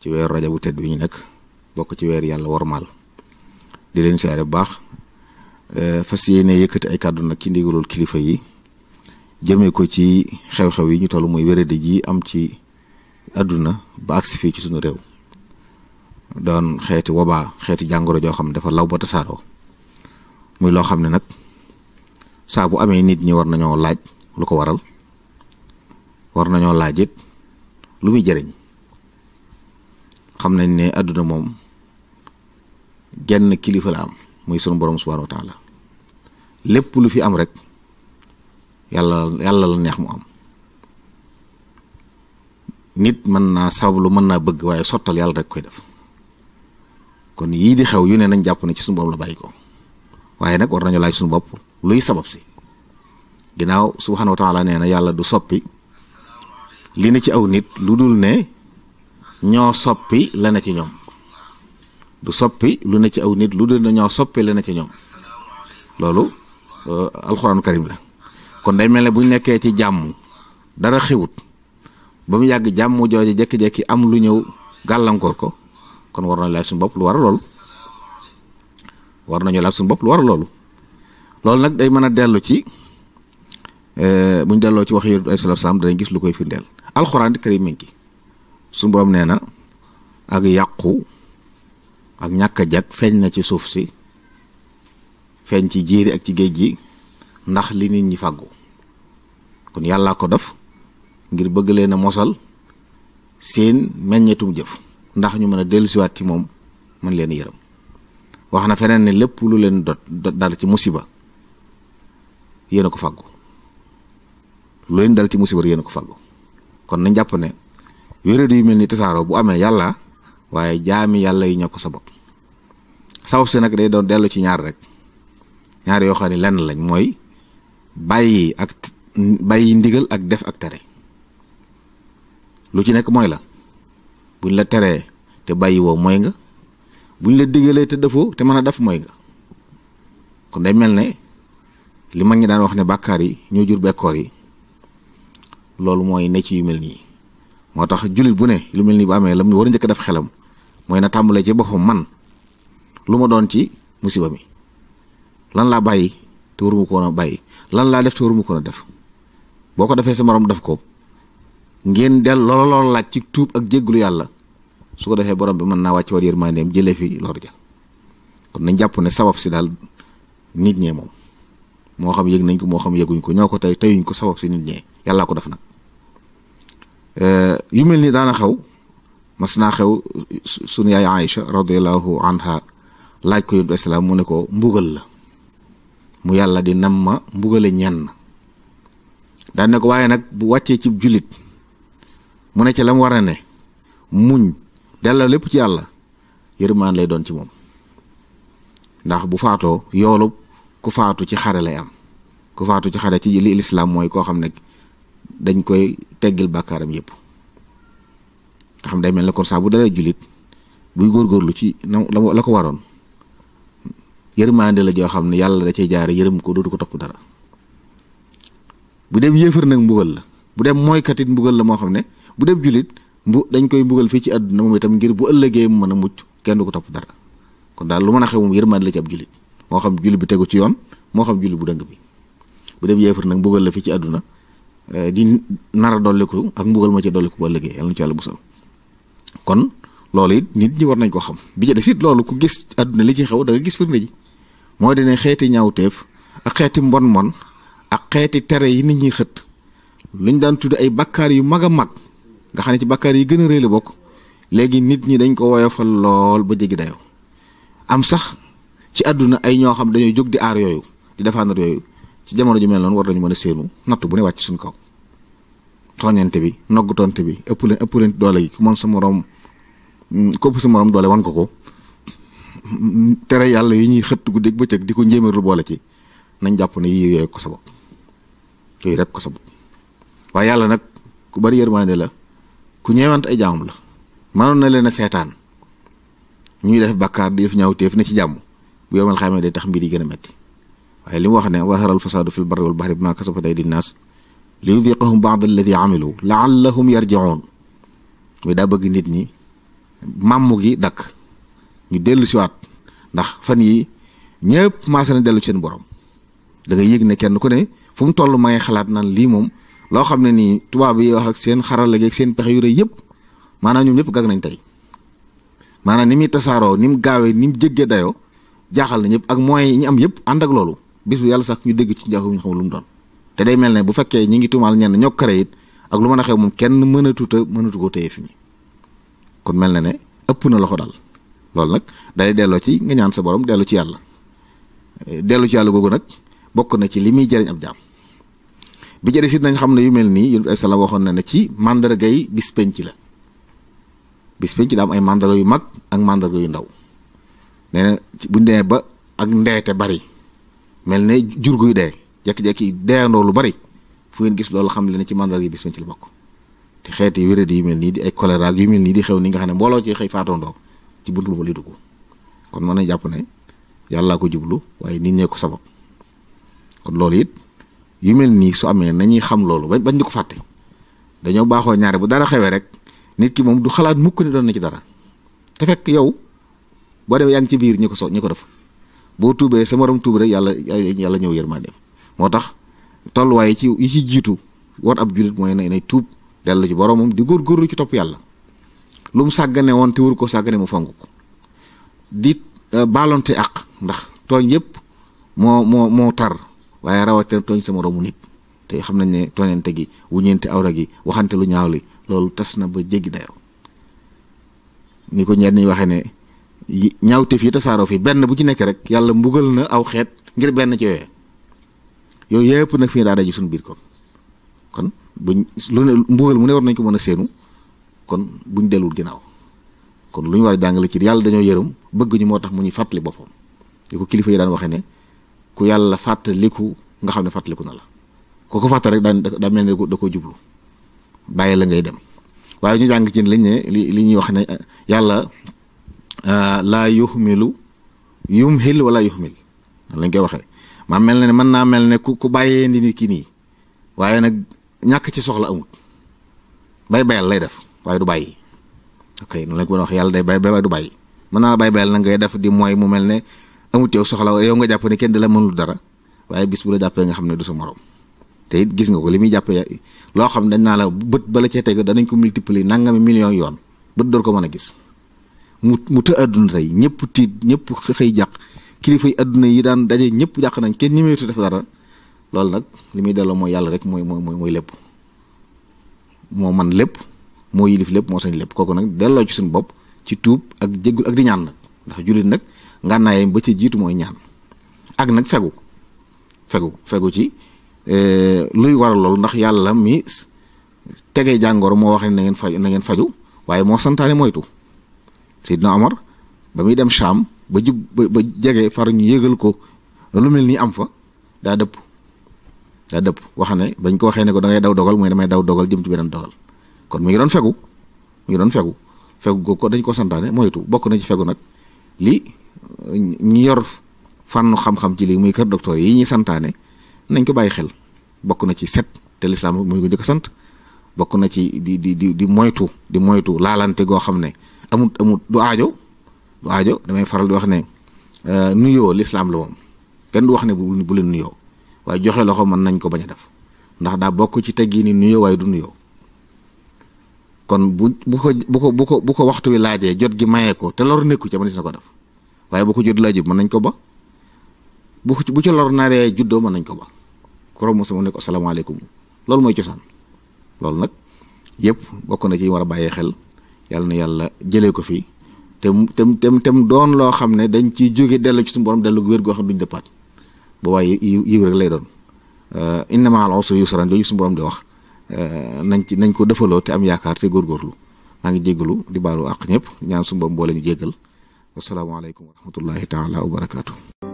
ci weer rajo bu tedd bi ñu nekk bokk ci weer yàlla wormaal di leen saare bu baax eh, fas yéene yëkkati ay kàddu nag ci ndigalul kilifa yi jëmee ko ci xew-xew yi ñu toll muy wéradi ji am ci àdduna ba agsi fii ci suñu réew doon xeeti wobaa xeeti jàngoro joo xam ne dafa law ba tasaaroo muy loo xam ne nag saa bu amee nit ñi war nañoo laaj lu ko waral war nañoo laaj it lu muy jëriñ xam nañ ne àdduna moom genn kilifa la am muy sunu boroom subhaanahu wa taala lépp lu fi am rek yàlla yàlla la neex mu am nit mën naa sabablu mën naa bëgg waaye sottal yàlla rek koy def kon yii di xew yu ne nañ jàpp ne ci suñu borom la bàyyi ko waaye nag war nañu laaj suñu bopp luy sabab si ginnaaw subhaanahu wa taala nee na yàlla du soppi li ne ci aw nit lu dul ne ñoo soppi la ci ñoom du soppi lu ne ci aw nit lu dul na ñoo soppi la ci ñoom loolu euh, alxuraanu karim la kon day mel ne bu nekkee ci jàmm dara xewut ba mu yàgg jàmm jooju jékki-jékki am lu ñëw gàllankoor ko kon war nañu laaj suñu bopp lu war a loolu war nañu laaj suñu bopp lu war loolu loolu nag day mën a dellu ci euh, bu ñu delloo ci wax yonent bi alayhi salaam danañ gis lu koy firndeel alxuraan karim mi ngi suñu borom nee na ak yàqu ak ñàkk a feeñ na ci suuf si feeñ ci jéeri ak ci géej gi ndax li nit ñi fàggu kon yàllaa ko def ngir bëgg leen a mosal seen meññetum jëf ndax ñu mën a dellusiwaat ci moom mën leen yërëm wax na feneen ni lépp lu leen dot dal ci musiba yéen ko fàggu lu leen dal ci musiba yéen a ko fàggu kon nañ jàpp ne wéradi yu mel ni tasaaroo bu amee yàlla waaye jaami yàlla yi ñoo ko sabab sabab si nag day doon dellu ci ñaar rek ñaar yoo xam ne lenn lañ mooy bàyyi ak bàyyi ndigal ak def ak tere lu ci nekk mooy la buñ la teree te bàyyi woo mooy nga buñ la digalee te defoo te mën a def mooy nga kon day mel ne li mag ñi daan wax ne bàkkaar yi ñoo jur bekkoor yi loolu mooy ne ci yu mel nii moo tax jullit bu ne lu mel ni bu amee lam war a njëkk def xelam mooy na tàmbalee ci boppam man lu ma doon ci musiba mi lan laa bàyyi te waruma ko a bàyyi lan laa def te waruma ko a def boo ko defee sa morom def ko ngeen del loola lool laaj ci tuub ak jéggulu yàlla su ko defee borom bi mën naa wàcc war yërmandeem jëlee fi lor ja kon nañ jàpp ne sabab si daal nit ñee moom moo xam yëg nañ ko moo xam yëguñ ko ñoo ko tey teyuñ ko sabab si nit ñee yàllaa ko def nag Eh, yu mel ni daana xew mas naa xew sunu yaay Aïcha radiallahu anha laaj ko yontu islaam mu ne ko mbugal la mu yàlla di nam ma mbugale ñenn daan ne ko waaye nag bu wàccee ci jullit mu ne ci la mu war a ne muñ delloo lépp ci yàlla yërmaan lay doon ci moom ndax bu faatoo yoolub ku faatu ci xare lay am ku faatu ci xare ci li lislaam mooy koo xam ne dañ koy teggil bàkkaaram yépp nga xam day mel ne kon saa bu dalee jullit buy góorgóorlu ci na la ko waroon yërmande la joo xam ne yàlla da cay jaare yërëm ko dootu ko topp dara bu dem yéefar nag mbugal la bu dem mooykat it mbugal la moo xam ne bu dem jullit mbu dañ koy mbugal fii ci àdduna moom itam ngir bu ëllëgee mu mën a mucc kenn ko topp dara kon daal lu mën a xew moom yërmande la ci ab moo xam jullit bi tegu ci yoon moo xam jullit bu dëng bi bu dem yéefar nag mbugal la fii ci àdduna Eh, di nara a dolliku ak mbugal ma ci dolliku ba liggéey yàlla na ci yàlla busal kon loolu it nit ñi war nañ ko xam bi ci des loolu ku gis àdduna li ci xew da gis firnde ji mooy dina xeeti ñaawteef ak xeeti mbon mbon ak xeeti tere yi nit ñi xët luñ daan tudd ay bakkaar yu mag a mag nga xam ne ci bakkaar yi gën a réy la bokk léegi nit ñi dañ ko woyofal lool ba jéggi dayoo am sax ci àdduna ay ñoo xam dañoo jóg di aar yooyu di defaanar yooyu ci jamono ju mel noonu war nañu mën a séenu nattu bu ne wàcc suñ kaw tooñante bi noggutoonte bi ëpp leen ëpp leen doole yi moom sa morom mm, képp su morom doole wan ko ko mm, tere yàlla yi ñuy xëtt guddeeg bëccëg di ko njéeméerlu boole ci nañ jàpp ne yii yooyu ko sa yooyu rek ko sa waaye yàlla nag ku bari yërmande la ku ñeewante ay jaamam la mënoon na leen a seetaan ñuy def bàkkaar di def ñaaw téef na ci jàmm bu yomal xamee day tax mbir yi gën a metti waaye li mu wax ne zahara alfasaadu fi lbarri walbahri bima kasabat aydi nnaas li yudiqahum baad alladi amilu laallahum yarjiun muy daa bëgg nit ñi màmm gi dakk ñu dellu siwaat ndax fan yi ñëpp maasa na dellu seen borom da nga yëg ne kenn ku ne fu mu toll ma xalaat naan lii moom loo xam ne nii tubaab yi wax ak seen xarala ak seen pexe yu rëy yëpp maanaam ñoom ñëpp gag nañ tey maanaam ni muy tasaaroo ni mu gaawee ni mu jéggee dayoo jaaxal na ñëpp ak moyens yi ñu am yëpp ànd ak loolu bis bu yàlla sax ñu dégg ci njaaxum ñu xamul lu mu doon te day mel ne bu fekkee ñi ngi tuumaal ñenn ñoo kare it ak lu mën a xew moom kenn mënatut a mënatu koo téye fi ñi kon mel na ne ëpp na loxo daal loolu nag day delloo ci nga ñaan sa borom dellu ci yàlla dellu ci yàlla googu nag bokk na ci li muy jëriñ ab jaam bi jëriñ si nañ xam ne yu mel nii yonent bi salaam waxoon na ne ci mandarga yi bis penc la bis penc am ay mandarga yu mag ak mandarga yu ndaw nee na buñ demee ba ak ndeete bari mel ne jur guy dee jekki-jekki deeyandoo lu bari fu ngeen gis loolu xam le ne ci mandarga bis ci la bokk te xeeti wéradi yu mel nii di ay choléra yu mel nii di xew nga xam ne mbooloo ci xëy faatoondoo ci buntu boobu li kon mën na jàpp ne yàllaa ko jublu waaye nit ñee ko sabab loolu it yu mel nii su amee nañuy xam loolu ba bañ di ko fàtte dañoo baaxoo ñaare bu dara xewee rek nit ki moom du xalaat mukk ne doon na ci dara te fekk yow boo demee yaa ngi ci biir ñi ko so ñi ko def boo tuubee sa morom tuub rek yàlla la ñëw maa yërmandeem moo tax tolluwaay ci yi ci jiitu war ab jullit mooy na nay tuub dellu ci boromam di góorgóorlu ci topp yàlla lu mu sàggane woon te wur ko sàggane mu fonk ko di euh, baalonte ak ndax tooñ yëpp moo moo moo tar waaye rawatina tooñ sa moromu nit te xam nañ ne tooñante gi wuñeente awra gi waxante lu ñaaw li loolu tas na ba jéggi dayoo ni ko ñenn ñi waxee ne. ñaawteef yi tasaaroo fii benn bu ci nekk rek yàlla mbugal na aw xeet ngir benn ci yooyee yooyu yëpp nag fi ne daa daju kon kon buñ lu ne mu ne war nañ ko mën a séenu kon buñ delluwul ginnaaw kon lu ñu war ci yàlla dañoo yërëm bëgg moo tax mu ñuy fàttali boppam li kilifa yi daan waxee ne ku yàlla fàttaliku nga xam ne fàttaliku na la ku ko fàttal daa mel ne da koo jublu bàyyi la ngay dem waaye ñu jàng ci lañ ne li ñuy wax ne yàlla Euh, laa yuhmilu yumhil wala yuhmil lañ koy waxee maa mel na ne mën naa mel ne ku ku bàyyee ndi ni kii nii waaye nag ñàkk ci soxla amut bay bayal lay def waaye du bàyyi ok noonu lañ yàlla day bay bay waaye du bàyyi mën naa la bay bayal na ngay def di mooy mu mel ne amut yow soxla yow nga jàpp ne kenn di la mënul dara waaye bis bu la jàppee nga xam ne du sa morom te it gis nga ko li muy jàppee loo xam dañ naa la bët bala cee teg danañ ko multiplier nangami million yoon bët door ko mën a gis mu mu të àdduna tey ñëpp tiit ñëpp xëy jàq kilifa yi àdduna yi daan daje ñëpp jàq nañ kenn ñemeetu def dara loolu nag li muy delloo mooy yàlla rek mooy mooy mooy lépp moo man lépp moo yilif lépp moo sañ lépp kooku nag delloo ci suñu bopp ci tuub ak jéggul ak di ñaan nag ndax jullit nag ngànnaayam ba ci jiitu mooy ñaan ak nag fegu fegu fegu ci e, luy waral lool ndax yàlla mi tegee jàngoro moo wax ne na ngeen faju na faju waaye moo santaane moytu Seydina Omar ba muy dem Cham ba jub ba jege far ñu yégal ko lu mel nii am fa daa dëpp daa dëpp wax ne bañ ko waxee ne ko da ngay daw dogal mooy damay daw dogal jëm ci beneen dogal kon mu ngi doon fegu mu doon fegu fegu ko dañ koo santaane moytu bokk na ci fegu nag li ñu yor fànnu xam-xam ci lii muy kër docteur yi ñuy santaane nañ ko bàyyi xel bokk na ci set te lislaam muy ko njëkk sant bokk na ci di di di moytu di moytu laalante goo xam ne amut amut du aajo du aajo damay faral di wax ne euh, nuyoo lislaam la moom kenn du wax ne bu bu leen nuyoo waaye joxe loxo mën nañ ko bañ a def ndax bokk ci teggi ni nuyoo waaye du nuyoo kon bu bu ko bu ko bu ko bu ko waxtu laajee jot gi mayee ko te lor nekku ca mën na ko def waaye bu ko jot laajee mën nañ ko ba bu ko bu ci lor naaree juddoo ma nañ ko ba koro mo sama ne ko asalaamaaleykum loolu mooy cosaan loolu nag yëpp bokk na ci war a bàyyee xel yàlla na yàlla jëlee ko fii te tem tem tem doon loo xam ne dañ ciy jóge dellu ci suñu borom dellu wér goo xam duñ dëppaat boobaa yiw rek lay doon euh, inna ma'al usri yusran jooju suñu borom di wax euh, nañ ci nañ ko defaloo te am yaakaar te góorgóorlu maa ngi jéggalu di baalu àq ñëpp ñaan suñu borom boole ñu jéggal wasalaamaaleykum wa rahmatullahi taala wa barakaatu